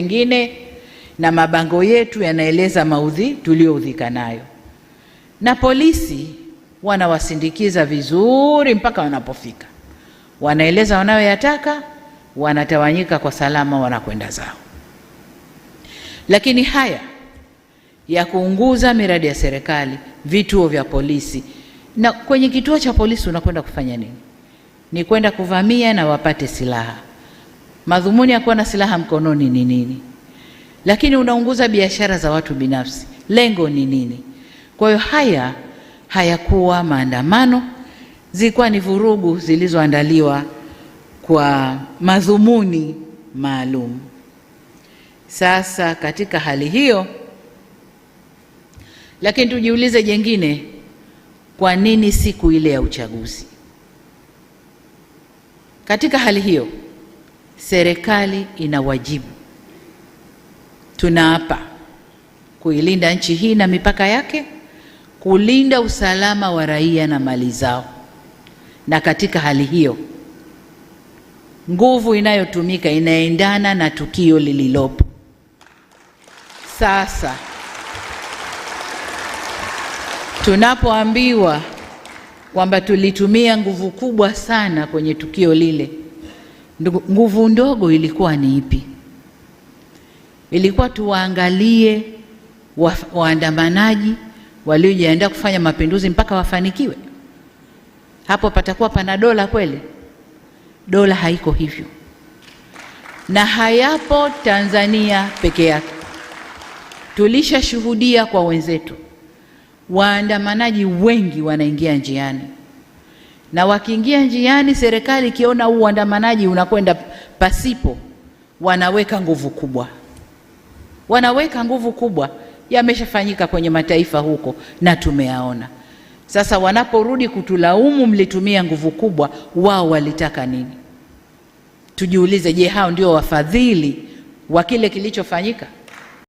ingine na mabango yetu yanaeleza maudhi tuliyoudhika nayo, na polisi wanawasindikiza vizuri mpaka wanapofika, wanaeleza wanayoyataka, wanatawanyika kwa salama, wanakwenda zao. Lakini haya ya kuunguza miradi ya serikali, vituo vya polisi, na kwenye kituo cha polisi unakwenda kufanya nini? Ni kwenda kuvamia na wapate silaha. Madhumuni ya kuwa na silaha mkononi ni nini? Lakini unaunguza biashara za watu binafsi, lengo ni nini? Kwa hiyo haya hayakuwa maandamano, zilikuwa ni vurugu zilizoandaliwa kwa madhumuni maalum. Sasa katika hali hiyo, lakini tujiulize jengine, kwa nini siku ile ya uchaguzi? Katika hali hiyo serikali ina wajibu, tunaapa kuilinda nchi hii na mipaka yake, kulinda usalama wa raia na mali zao. Na katika hali hiyo, nguvu inayotumika inaendana na tukio lililopo sasa. Tunapoambiwa kwamba tulitumia nguvu kubwa sana kwenye tukio lile, Nguvu ndogo ilikuwa ni ipi? Ilikuwa tuwaangalie wa, waandamanaji waliojiandaa kufanya mapinduzi mpaka wafanikiwe? Hapo patakuwa pana dola kweli? Dola haiko hivyo, na hayapo Tanzania peke yake. Tulishashuhudia kwa wenzetu waandamanaji wengi wanaingia njiani na wakiingia njiani, serikali ikiona uandamanaji unakwenda pasipo, wanaweka nguvu kubwa, wanaweka nguvu kubwa. Yameshafanyika kwenye mataifa huko na tumeyaona. Sasa wanaporudi kutulaumu, mlitumia nguvu kubwa, wao walitaka nini? Tujiulize, je, hao ndio wafadhili wa kile kilichofanyika?